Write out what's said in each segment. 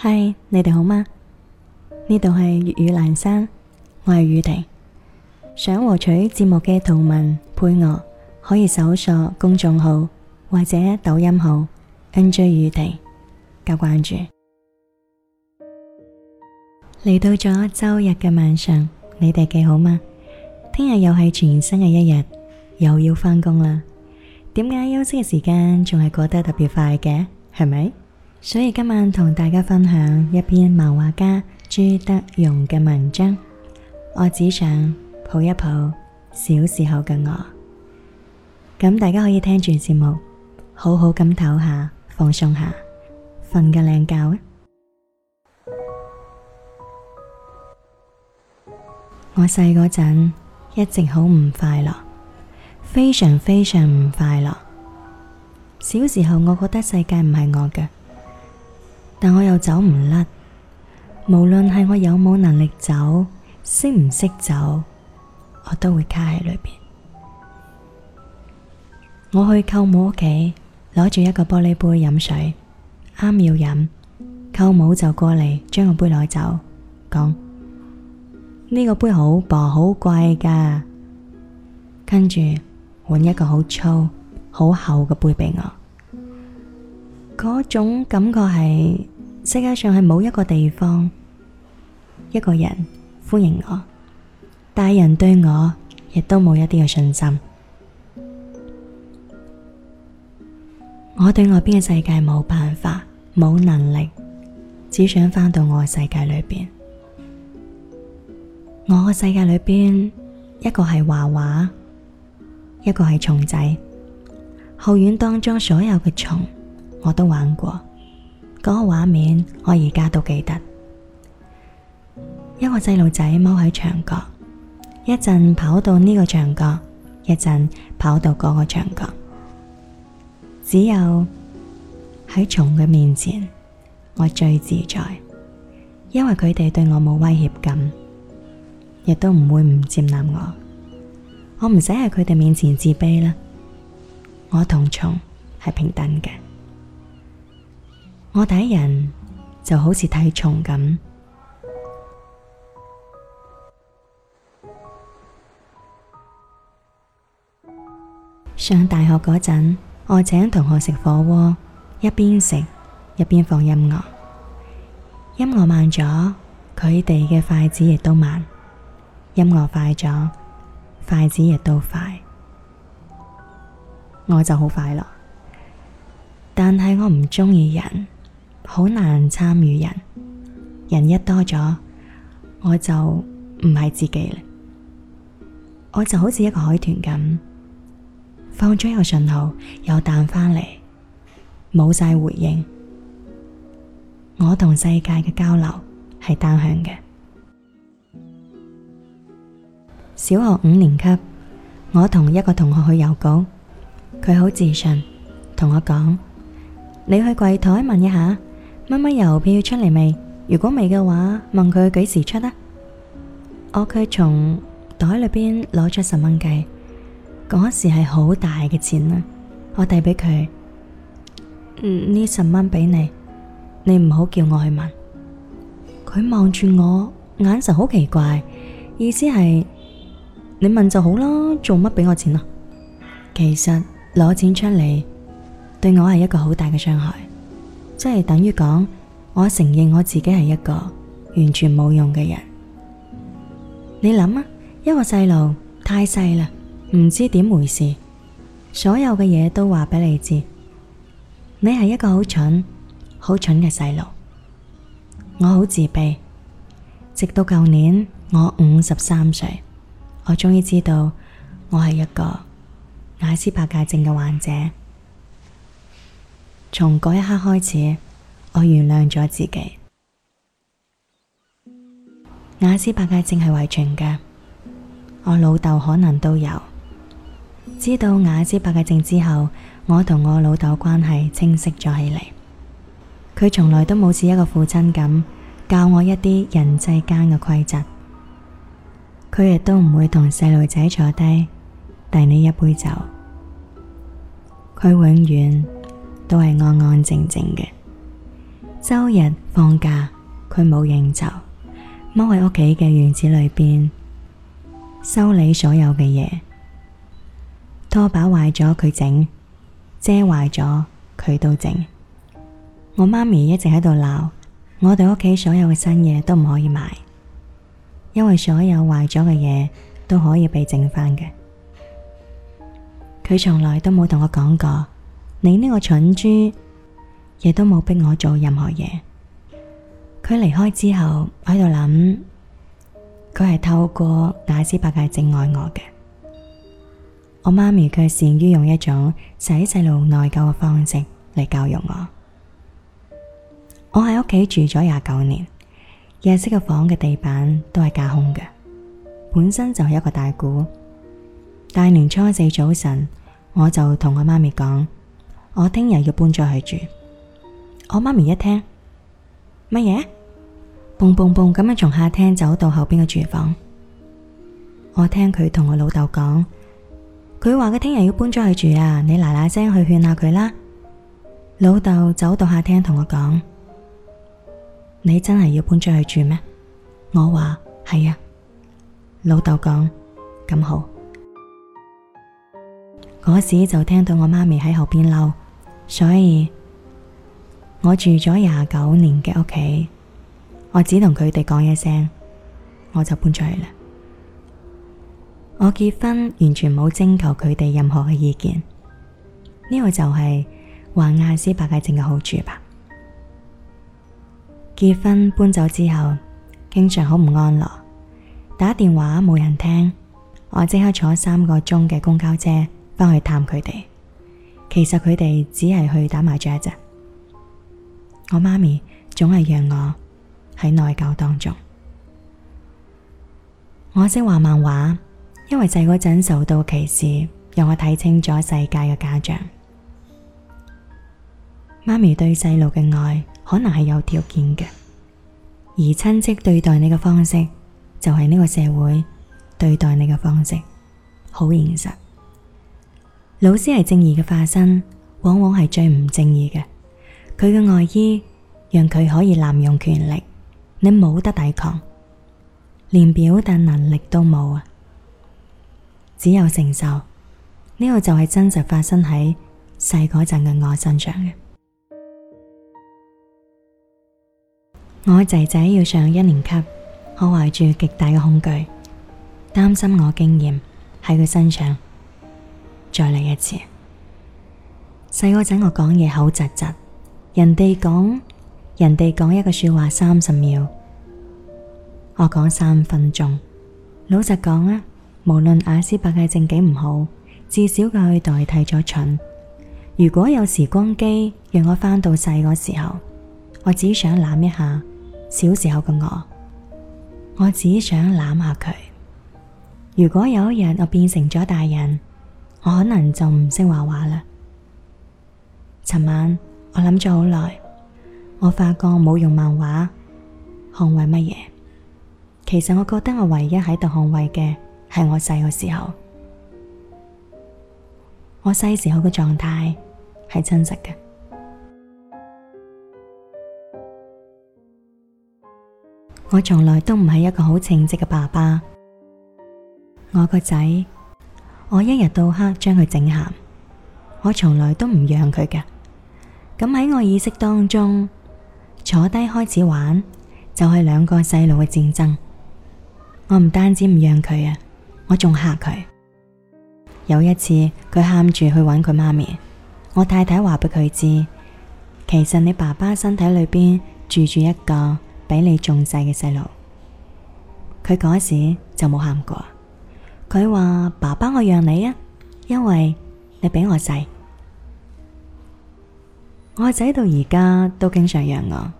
嗨，Hi，你哋好嗎？呢度係粵語闌珊，我係宇婷。想獲取節目嘅圖文配樂，可以搜索公眾號或者抖音號 NJ 宇婷加關注。嚟到咗週日嘅晚上，你哋幾好嗎？聽日又係全新嘅一日，又要返工啦。點解休息嘅時間仲係過得特別快嘅？係咪？所以今晚同大家分享一篇漫畫家朱德庸嘅文章。我只想抱一抱小時候嘅我。咁大家可以聽住節目，好好咁唞下，放鬆下，瞓個靚覺。啊。 我細嗰陣一直好唔快樂，非常非常唔快樂。小時候我覺得世界唔係我嘅。但我又走唔甩，無論係我有冇能力走，識唔識走，我都會卡喺裏邊。我去舅母屋企，攞住一個玻璃杯飲水，啱要飲，舅母就過嚟將個杯攞走，講呢個杯好薄好貴噶，跟住換一個好粗好厚嘅杯畀我。嗰種感覺係世界上係冇一個地方，一個人歡迎我。大人對我亦都冇一啲嘅信心。我對外邊嘅世界冇辦法，冇能力，只想翻到我嘅世界裏邊。我嘅世界裏邊，一個係畫畫，一個係蟲仔。後院當中所有嘅蟲。我都玩過，嗰個畫面我而家都記得。一個細路仔踎喺牆角，一陣跑到呢個牆角，一陣跑到嗰個牆角。只有喺蟲嘅面前，我最自在，因為佢哋對我冇威脅感，亦都唔會唔接納我。我唔使喺佢哋面前自卑啦。我同蟲係平等嘅。我睇人就好似睇蟲咁。上大學嗰陣，我請同學食火鍋，一邊食一邊放音樂。音樂慢咗，佢哋嘅筷子亦都慢；音樂快咗，筷子亦都快。我就好快樂，但係我唔中意人。好難參與人，人一多咗，我就唔係自己啦。我就好似一個海豚咁，放咗一個信號，又彈翻嚟，冇晒回應。我同世界嘅交流係單向嘅。小學五年級，我同一個同學去郵局，佢好自信，同我講：你去櫃檯問一下。乜乜郵票出嚟未？如果未嘅話，問佢幾時出啊？我佢從袋裏邊攞出十蚊雞，嗰時係好大嘅錢啊，我遞俾佢，嗯，呢十蚊俾你，你唔好叫我去問。佢望住我眼神好奇怪，意思係你問就好啦，做乜俾我錢啊？其實攞錢出嚟對我係一個好大嘅傷害。即係等於講，我承認我自己係一個完全冇用嘅人。你諗啊，一個細路太細啦，唔知點回事，所有嘅嘢都話畀你知。你係一個好蠢、好蠢嘅細路。我好自卑，直到舊年我五十三歲，我終於知道我係一個亞斯伯格症嘅患者。從嗰一刻開始，我原諒咗自己。亞斯伯格症係遺傳嘅，我老豆可能都有。知道亞斯伯格症之後，我同我老豆關係清晰咗起嚟。佢從來都冇似一個父親咁教我一啲人際間嘅規則，佢亦都唔會同細路仔坐低遞你一杯酒，佢永遠。都係安安靜靜嘅，周日放假佢冇應酬，踎喺屋企嘅院子裏邊修理所有嘅嘢，拖把壞咗佢整，遮壞咗佢都整。我媽咪一直喺度鬧，我哋屋企所有嘅新嘢都唔可以買，因為所有壞咗嘅嘢都可以被整翻嘅。佢從來都冇同我講過。你呢個蠢豬，亦都冇逼我做任何嘢。佢離開之後，我喺度諗佢係透過亞斯伯格症愛我嘅。我媽咪卻善於用一種使細路內疚嘅方式嚟教育我。我喺屋企住咗廿九年，日式嘅房嘅地板都係架空嘅，本身就係一個大鼓。大年初四早晨，我就同我媽咪講。我聽日要搬咗去住。我媽咪一聽乜嘢？蹦蹦蹦咁樣，從客廳走到後邊嘅廚房。我聽佢同我老豆講，佢話佢聽日要搬咗去住啊，你嗱嗱聲去勸下佢啦。老豆走到客廳同我講，你真係要搬咗去住咩？我話係啊。老豆講咁好，嗰時就聽到我媽咪喺後邊嬲。所以我住咗廿九年嘅屋企，我只同佢哋講一聲，我就搬出去啦。我結婚完全冇徵求佢哋任何嘅意見，呢個就係患亞斯伯格症嘅好處吧。結婚搬走之後，經常好唔安樂，打電話冇人聽，我即刻坐三個鐘嘅公交車返去探佢哋。其實佢哋只係去打麻雀咋。我媽咪總係讓我喺內疚當中。我識畫漫畫，因為細嗰陣受到歧視，讓我睇清咗世界嘅假象。媽咪對細路嘅愛可能係有條件嘅，而親戚對待你嘅方式就係呢個社會對待你嘅方式，好現實。老師係正義嘅化身，往往係最唔正義嘅。佢嘅外衣讓佢可以濫用權力，你冇得抵抗，連表達能力都冇啊！只有承受。呢、這個就係真實發生喺細嗰陣嘅我身上嘅。我仔仔要上一年級，我懷住極大嘅恐懼，擔心我經驗喺佢身上。再嚟一次。細個陣我講嘢口窒窒，人哋講人哋講一個說話三十秒，我講三分鐘。老實講啊，無論亞斯伯格症幾唔好，至少佢代替咗蠢。如果有時光機，讓我返到細個時候，我只想攬一下小時候嘅我，我只想攬下佢。如果有一日我變成咗大人，我可能就唔識畫畫啦。尋晚我諗咗好耐，我發覺冇用漫畫捍衛乜嘢。其實我覺得我唯一喺度捍衛嘅係我細個時候，我細時候嘅狀態係真實嘅。我從來都唔係一個好稱職嘅爸爸，我個仔。我一日到黑將佢整喊，我從來都唔讓佢嘅。咁喺我意識當中，坐低開始玩就係、是、兩個細路嘅戰爭。我唔單止唔讓佢啊，我仲吓佢。有一次佢喊住去揾佢媽咪，我太太話俾佢知，其實你爸爸身體裏邊住住一個比你仲細嘅細路。佢嗰時就冇喊過。佢話：爸爸，我讓你啊，因為你比我細。我仔到而家都經常讓我。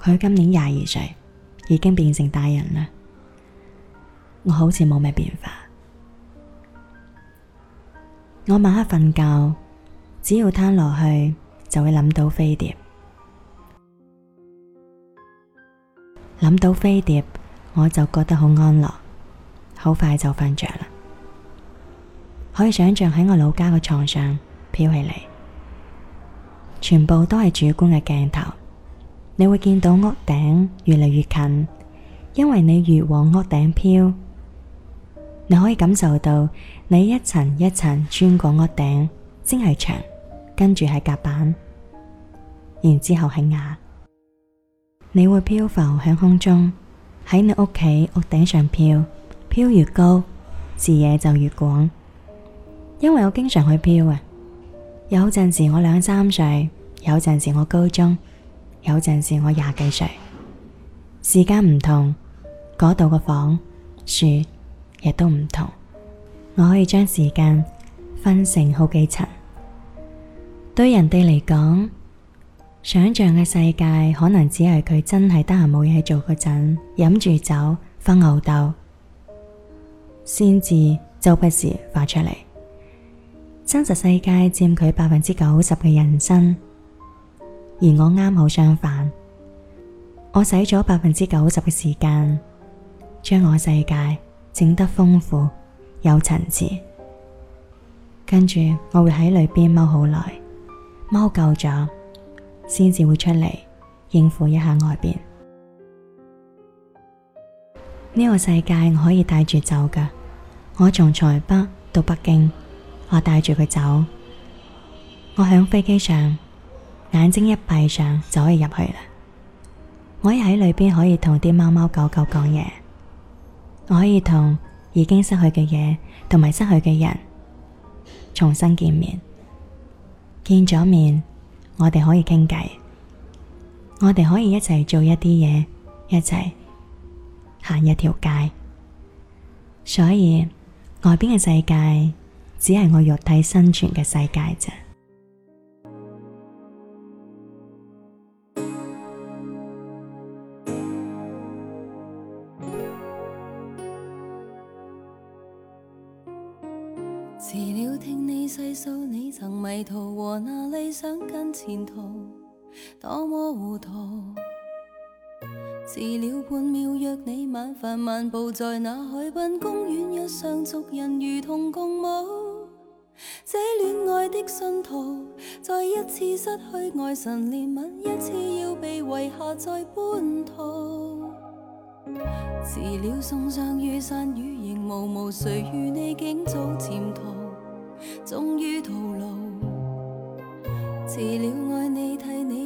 佢今年廿二歲，已經變成大人啦。我好似冇咩變化。我晚黑瞓覺，只要攤落去，就會諗到飛碟。諗到飛碟，我就覺得好安樂。好快就瞓着啦，可以想象喺我老家個床上飄起嚟，全部都係主觀嘅鏡頭，你會見到屋頂越嚟越近，因為你越往屋頂飄，你可以感受到你一層一層穿過屋頂，先係牆，跟住係夾板，然之後係瓦，你會漂浮喺空中，喺你屋企屋頂上飄。飄越高，視野就越廣。因為我經常去飄嘅啊，有陣時我兩三歲，有陣時我高中，有陣時我廿幾歲，時間唔同，嗰度嘅房樹亦都唔同。我可以將時間分成好幾層。對人哋嚟講，想象嘅世界可能只係佢真係得閒冇嘢做嗰陣，飲住酒，發吽豆。先至周不時發出嚟。真實世界佔佢百分之九十嘅人生，而我啱好相反。我使咗百分之九十嘅時間，將我世界整得豐富有層次。跟住我會喺裏邊踎好耐，踎夠咗，先至會出嚟應付一下外邊。呢個世界我可以帶住走噶。我從台北到北京，我帶住佢走，我響飛機上眼睛一閉上就可以入去啦。我可以喺裏邊可以同啲貓貓狗狗講嘢，我可以同已經失去嘅嘢同埋失去嘅人重新見面，見咗面我哋可以傾偈，我哋可以一齊做一啲嘢，一齊行一條街，所以。外邊嘅世界，只係我肉體生存嘅世界啫。遲了聽你細數你曾迷途和那理想跟前途，多麼糊塗。遲了半秒約你晚飯，漫步在那海濱公園，一雙足印如同共舞。這戀愛的信徒，再一次失去愛神憐憫，一次要被遺下在半途。遲了送上雨傘，雨仍毛毛，誰與你竟早潛逃，終於徒勞。遲了愛你替你。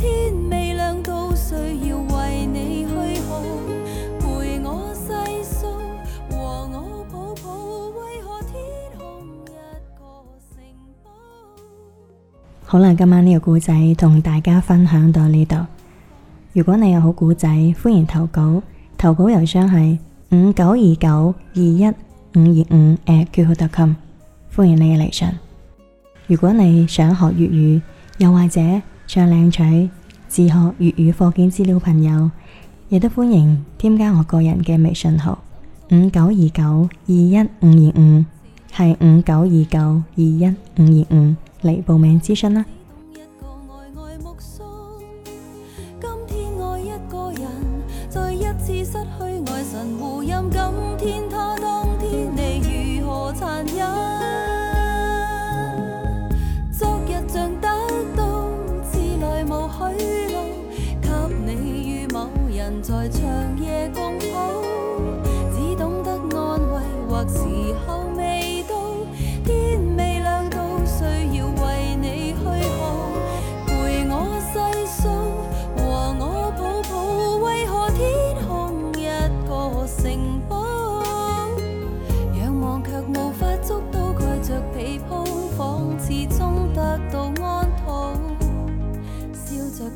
天未亮需要為你去好陪我細數和我和抱抱，為何天空一個城？好啦，今晚呢個故仔同大家分享到呢度。如果你有好故仔，歡迎投稿，投稿郵箱係五九二九二一五二五，誒，q 號特琴，歡迎你嘅嚟信。如果你想學粵語，又或者，想領取自學粵語課件資料，朋友亦都歡迎添加我個人嘅微信號五九二九二一五二五，係五九二九二一五二五嚟報名諮詢啦。